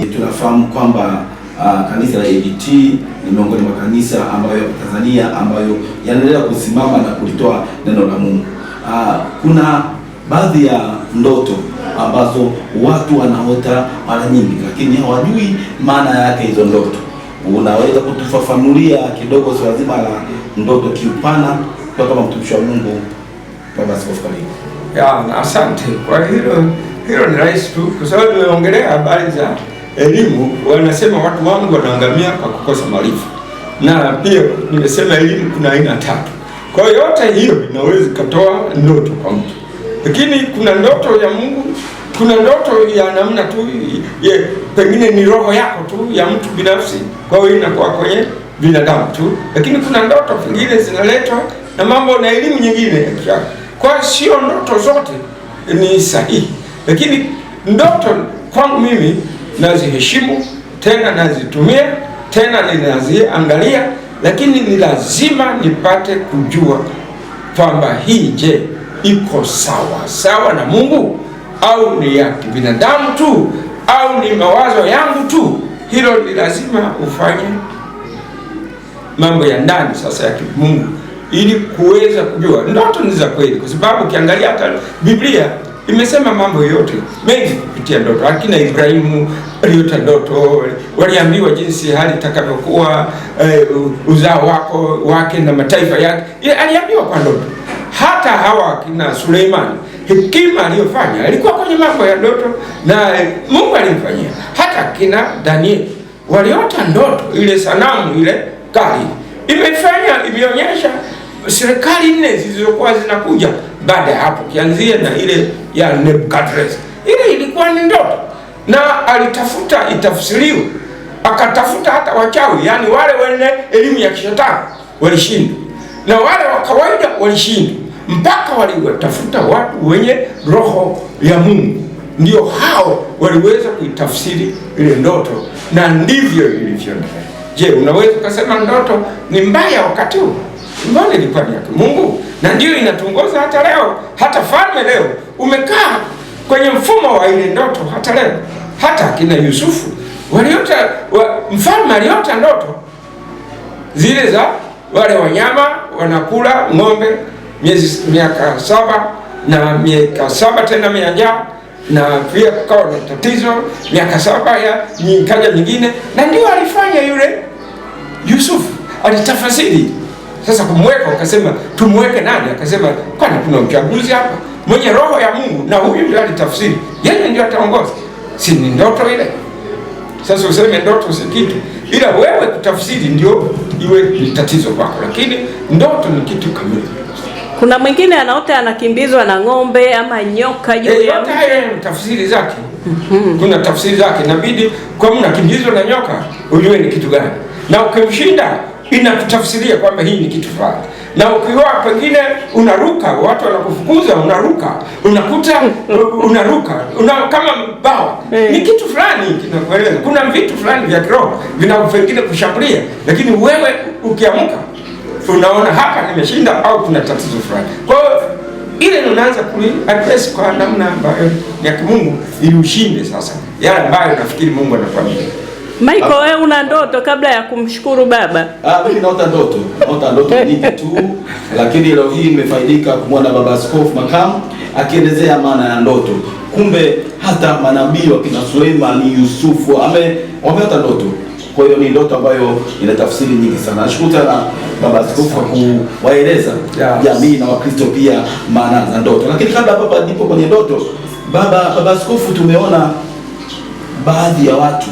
Tanzania. Tunafahamu kwamba uh, kanisa la AGT ni miongoni mwa kanisa ambayo Tanzania ambayo yanaendelea kusimama na kulitoa neno la Mungu. Uh, kuna baadhi ya ndoto ambazo watu wanaota mara nyingi, lakini hawajui maana yake hizo ndoto. Unaweza kutufafanulia kidogo swala zima la ndoto kiupana, kwa kama mtumishi wa Mungu, Baba Askofu? Karibu. Ya, asante kwa hilo. Hilo ni rahisi tu kwa sababu tumeongelea habari za elimu, wanasema watu wangu wanaangamia kwa kukosa maarifa, na pia nimesema elimu kuna aina tatu. Kwa hiyo yote hiyo inaweza ikatoa ndoto kwa mtu, lakini kuna ndoto ya Mungu, kuna ndoto ya namna tu ye, pengine ni roho yako tu ya mtu binafsi, kwa hiyo inakuwa kwenye binadamu tu, lakini kuna ndoto zingine zinaletwa na mambo na elimu nyingine. Kwa sio ndoto zote ni sahihi, lakini ndoto kwangu mimi naziheshimu tena nazitumia tena ninaziangalia, lakini ni lazima nipate kujua kwamba hii je, iko sawa sawa na Mungu au ni ya kibinadamu tu au ni mawazo yangu tu? Hilo ni lazima ufanye mambo ya ndani sasa ya kimungu ili kuweza kujua ndoto ni za kweli, kwa sababu ukiangalia hata Biblia imesema mambo yote mengi kupitia ndoto. Akina Ibrahimu waliota ndoto, waliambiwa jinsi hali itakavyokuwa, eh, uzao wako wake na mataifa yake, aliambiwa kwa ndoto. Hata hawa akina Suleimani hekima aliyofanya alikuwa kwenye mambo ya ndoto na eh, Mungu alimfanyia. Hata kina Daniel waliota ndoto, ile sanamu ile kali imefanya imeonyesha serikali nne zilizokuwa zinakuja baada ya hapo, kianzie na ile ya Nebukadreza. Ile ilikuwa ni ndoto, na alitafuta itafsiriwe, akatafuta hata wachawi, yani wale wenye elimu ya kishetani walishindwa, na wale wa kawaida walishindwa, mpaka waliwatafuta watu wenye roho ya Mungu, ndio hao waliweza kuitafsiri ile ndoto, na ndivyo ilivyo Je, unaweza ukasema ndoto ni mbaya wakati huu? Imani ilikuwa ni ya kimungu na ndiyo inatuongoza hata leo. Hata falme leo umekaa kwenye mfumo wa ile ndoto hata leo. Hata akina Yusufu waliota wa, mfalme aliota ndoto zile za wale wanyama wanakula ng'ombe miezi miaka saba na miaka saba tena mia njaa na pia kukawa na tatizo miaka saba ya nyikaja nyingine, na ndio alifanya yule Yusufu alitafasiri sasa kumweka ukasema tumweke nani? Akasema kwani kuna uchaguzi hapa? Mwenye roho ya Mungu na huyu ndio alitafsiri, yeye ndio ataongoza. Si ni ndoto ile? Sasa useme ndoto si kitu, ila wewe kutafsiri ndio iwe ni tatizo kwako, lakini ndoto ni kitu kamili. Kuna mwingine anaota anakimbizwa na ng'ombe ama nyoka juu ya mti. E, tafsiri zake kuna tafsiri zake, inabidi kwa kimbizwa na nyoka ujue ni kitu gani, na ukimshinda inatutafsiria kwamba hii ni kitu fulani, na ukiwa pengine unaruka, watu wanakufukuza, unaruka, unakuta mm. unaruka una, kama bawa eh. ni kitu fulani kinakueleza. Kuna vitu fulani vya kiroho vinavyopengine kushambulia, lakini wewe ukiamka unaona hapa nimeshinda, au kuna tatizo fulani. Kwa hiyo ile unaanza kuliaddress kwa namna ambayo ya kimungu ili ushinde sasa yale ambayo nafikiri Mungu anafanya. Maiko, ah. wewe una ndoto kabla ya kumshukuru baba? Ah, mimi naota ndoto. Naota ndoto nyingi tu, lakini leo hii nimefaidika kumwona baba askofu makamu akielezea maana ya ndoto. Kumbe hata manabii wakina Suleimani, Yusufu ame wameota ndoto. Kwa hiyo ni ndoto ambayo ina tafsiri nyingi sana. Nashukuru sana baba askofu kwa kuwaeleza jamii yes, na Wakristo pia maana za ndoto. Lakini kabla baba ndipo kwenye ndoto, baba baba askofu, tumeona baadhi ya watu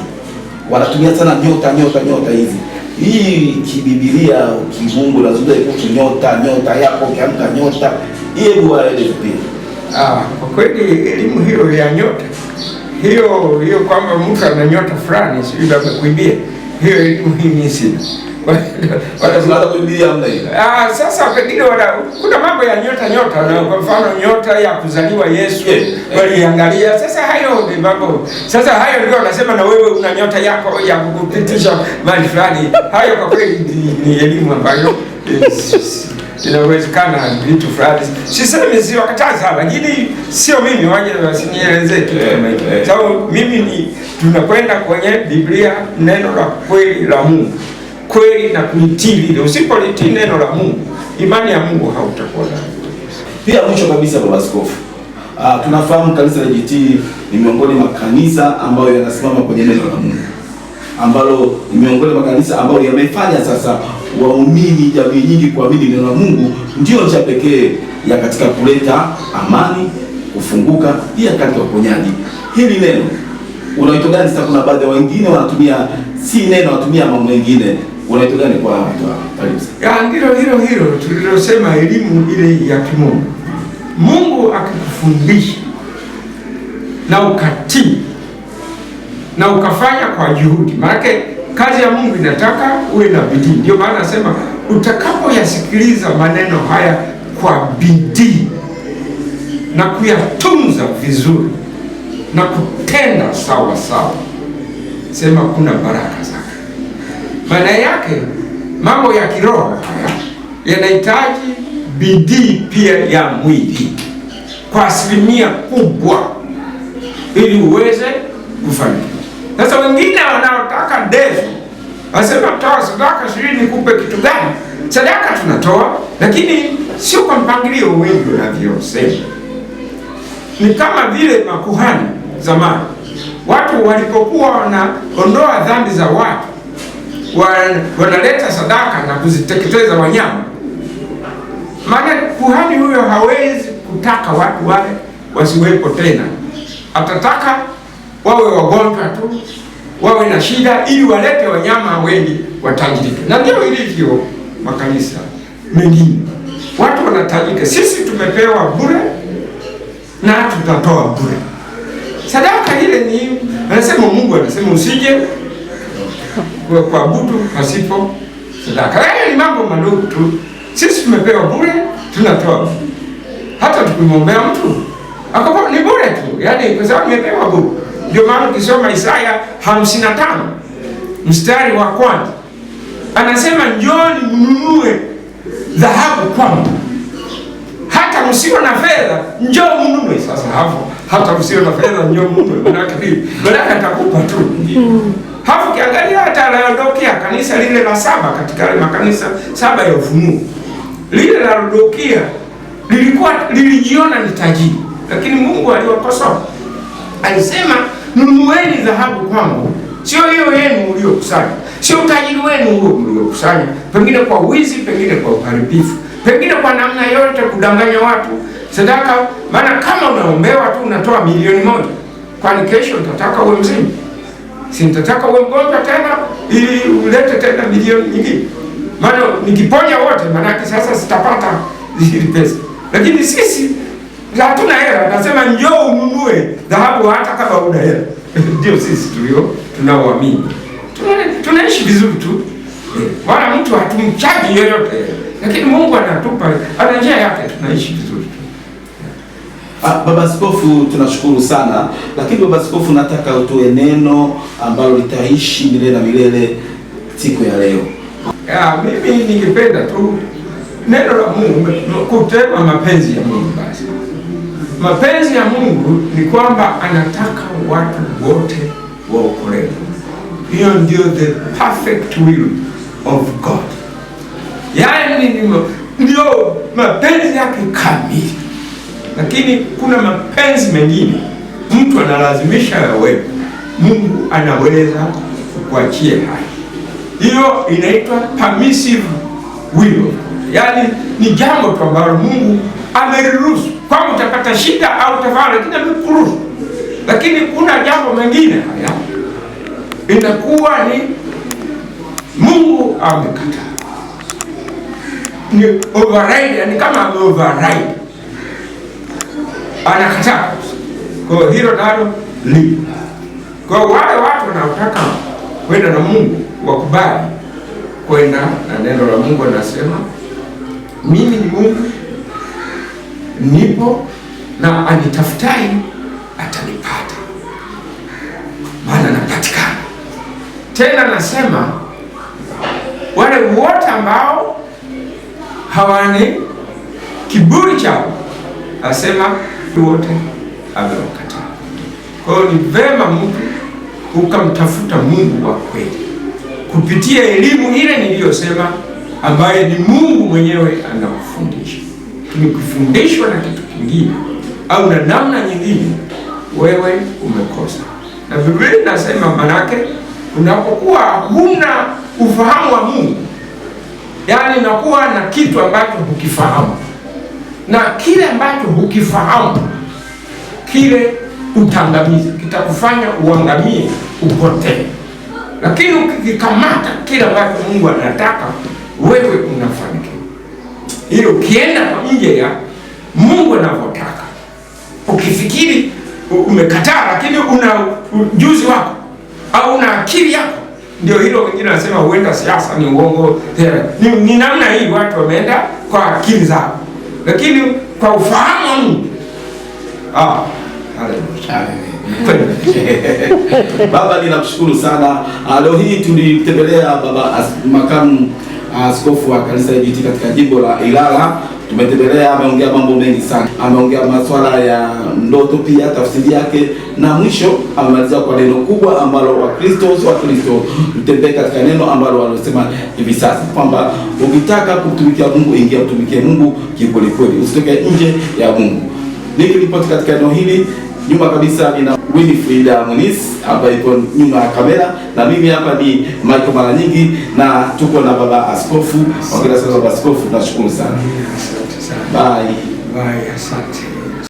wanatumia sana nyota nyota nyota hizi. Hii kibibilia kimungu lazima ikutu nyota nyota yako ukiamka nyota hiyo, hebu waeleze pia. Ah, kwa kweli elimu hiyo ya nyota hiyo hiyo, kwamba mtu ana nyota fulani sio ndio kuibia, hiyo elimu hii ni sisi Ah, sasa pengine kuna mambo ya nyota nyota, na kwa mfano nyota ya kuzaliwa Yesu waliangalia. Sasa hayo ni mambo, sasa hayo ndio wanasema, na wewe una nyota yako ya kukupitisha mali fulani. Hayo kwa kweli ni elimu ambayo inawezekana vitu fulani, sisemi si lakini sio mimi, waje wasinielezee kitu eh, kama hicho. Eh. Sababu mimi ni tunakwenda kwenye Biblia, neno la kweli la Mungu kweli na kulitii lile. Usipolitii neno la Mungu, imani ya Mungu hautakuwa nayo. Pia mwisho kabisa, baba askofu, uh, tunafahamu kanisa la JT ni miongoni mwa kanisa ambayo yanasimama kwenye neno la Mungu, ambalo ni miongoni mwa kanisa ambayo yamefanya sasa waumini jamii nyingi kuamini neno la Mungu ndio cha pekee ya katika kuleta amani, kufunguka, pia katika uponyaji. Hili neno unaitogani sasa? Kuna baadhi ya wengine wanatumia si neno, wanatumia mambo mengine unaitwa gani kwa watu? Ah, ndilo hilo hilo tulilosema, elimu ile ya kimungu. Mungu akikufundisha na ukatii na ukafanya kwa juhudi, maanake kazi ya Mungu inataka uwe na bidii. Ndio maana nasema utakapoyasikiliza maneno haya kwa bidii na kuyatunza vizuri na kutenda sawa sawa, sema kuna baraka sana. Maana yake mambo ya kiroho yanahitaji bidii pia ya mwili kwa asilimia kubwa, ili uweze kufanikiwa. Sasa wengine wanaotaka ndevu wasema, toa sadaka ishirini kupe kitu gani. Sadaka tunatoa, lakini sio kwa mpangilio wengi unavyosema. Ni kama vile makuhani zamani, watu walipokuwa wanaondoa dhambi za watu wanaleta sadaka na kuziteketeza wanyama, maana kuhani huyo hawezi kutaka watu wale wasiwepo tena. Atataka wawe wagonjwa tu, wawe na shida, ili walete wanyama wengi watajirike. Na ndio ilivyo makanisa mengine, watu wanatajirika. Sisi tumepewa bure na tutatoa bure sadaka ile. Ni anasema Mungu anasema usije kwa kuabudu pasipo sadaka. Haya ni mambo madogo tu, sisi tumepewa bure, tunatoa hata tukimwombea mtu akapo ni bure tu, yaani kwa sababu nimepewa bure. Ndio maana ukisoma Isaya 55 mstari wa kwanza anasema njoni mnunue dhahabu kwangu, hata msio na fedha njoo mnunue. Sasa hapo hata msio na fedha njoo mnunue, manake atakupa tu hmm. Hafu kiangalia hata Laodokea, kanisa lile la saba katika yale makanisa saba ya Ufunuo, lile la Laodokea lilikuwa lilijiona ni tajiri, lakini Mungu aliwakosoa, alisema nunueni dhahabu kwangu, sio hiyo yenu uliokusanya, sio utajiri wenu huo mliokusanya, pengine kwa wizi, pengine kwa uharibifu, pengine kwa namna yote kudanganya watu sadaka. Maana kama unaombewa tu unatoa milioni moja, kwani kesho utataka uwe mzima si nitataka uwe mgonjwa tena ili ulete tena milioni nyingine, maana nikiponya wote, maanake sasa sitapata hili pesa. Lakini sisi hatuna hela, nasema njoo ununue dhahabu hata kama una hela ndio sisi tulio tunaoamini tunaishi vizuri tu, wala mtu hatumchaji yoyote, lakini Mungu anatupa ana njia yake, tunaishi vizuri. Ah, Baba Askofu, tunashukuru sana lakini Baba Askofu, nataka utoe neno ambalo litaishi milele na milele siku ya leo. Ya, mimi ningependa tu neno la Mungu kutema mapenzi ya Mungu. Basi mapenzi ya Mungu ni kwamba anataka watu wote waokolewe. Hiyo ndio the perfect will of God, yaani ndio mapenzi yake kamili lakini kuna mapenzi mengine mtu analazimisha wewe. Mungu anaweza kukuachia haya. Hiyo inaitwa permissive will, yaani ni jambo tu ambalo Mungu ameruhusu kwamba utapata shida au tafara lakini amekuruhusu. Lakini kuna jambo mengine haya inakuwa ni Mungu amekataa, ni override, ni yaani kama override anakataa. Kwa hilo nalo li Kwa wale watu wanaotaka kwenda na Mungu wakubali kwenda na neno la Mungu. Anasema mimi ni Mungu, nipo na anitafutai atanipata, maana napatikana. Tena nasema wale wote ambao hawani kiburi chao, asema wote amewakataa. Kwa hiyo ni vema mtu ukamtafuta Mungu wa kweli kupitia elimu ile niliyosema, ambaye ni Mungu mwenyewe anakufundisha. Ukifundishwa na kitu kingine au na namna nyingine, wewe umekosa. Na Biblia inasema manake, unapokuwa huna ufahamu wa Mungu, yaani unakuwa na kitu ambacho hukifahamu na kile ambacho hukifahamu kile utangamiza, kitakufanya uangamie, upotee. Lakini ukikikamata kile ambacho Mungu anataka wewe unafanikiwa, hilo ukienda kwa nje ya Mungu anavyotaka. Ukifikiri umekataa, lakini una ujuzi wako au una akili yako, ndio hilo. Wengine wanasema huenda siasa ni uongo, ni, ni namna hii watu wameenda kwa akili zao lakini kwa ufahamu wa Mungu. Ah, Baba, ninamshukuru sana. Ah, leo hii tulitembelea baba as, makamu askofu wa kanisa la katika jimbo la Ilala tumetembelea, ameongea mambo mengi sana, ameongea masuala ya ndoto pia tafsiri yake, na mwisho amemalizia kwa neno kubwa ambalo Wakristo Wakristo mtembee katika neno ambalo walosema hivi sasa kwamba ukitaka kumtumikia Mungu ingia mtumikie Mungu kikwelikweli, usitoke nje ya Mungu. Nikiripoti katika eneo hili nyuma kabisa nina Winifrida Muniz hapa ipo nyuma ya kamera, na mimi hapa ni Michael mara nyingi, na tuko na baba askofu. Baba askofu, tunashukuru sana. Bye. Bye, asante.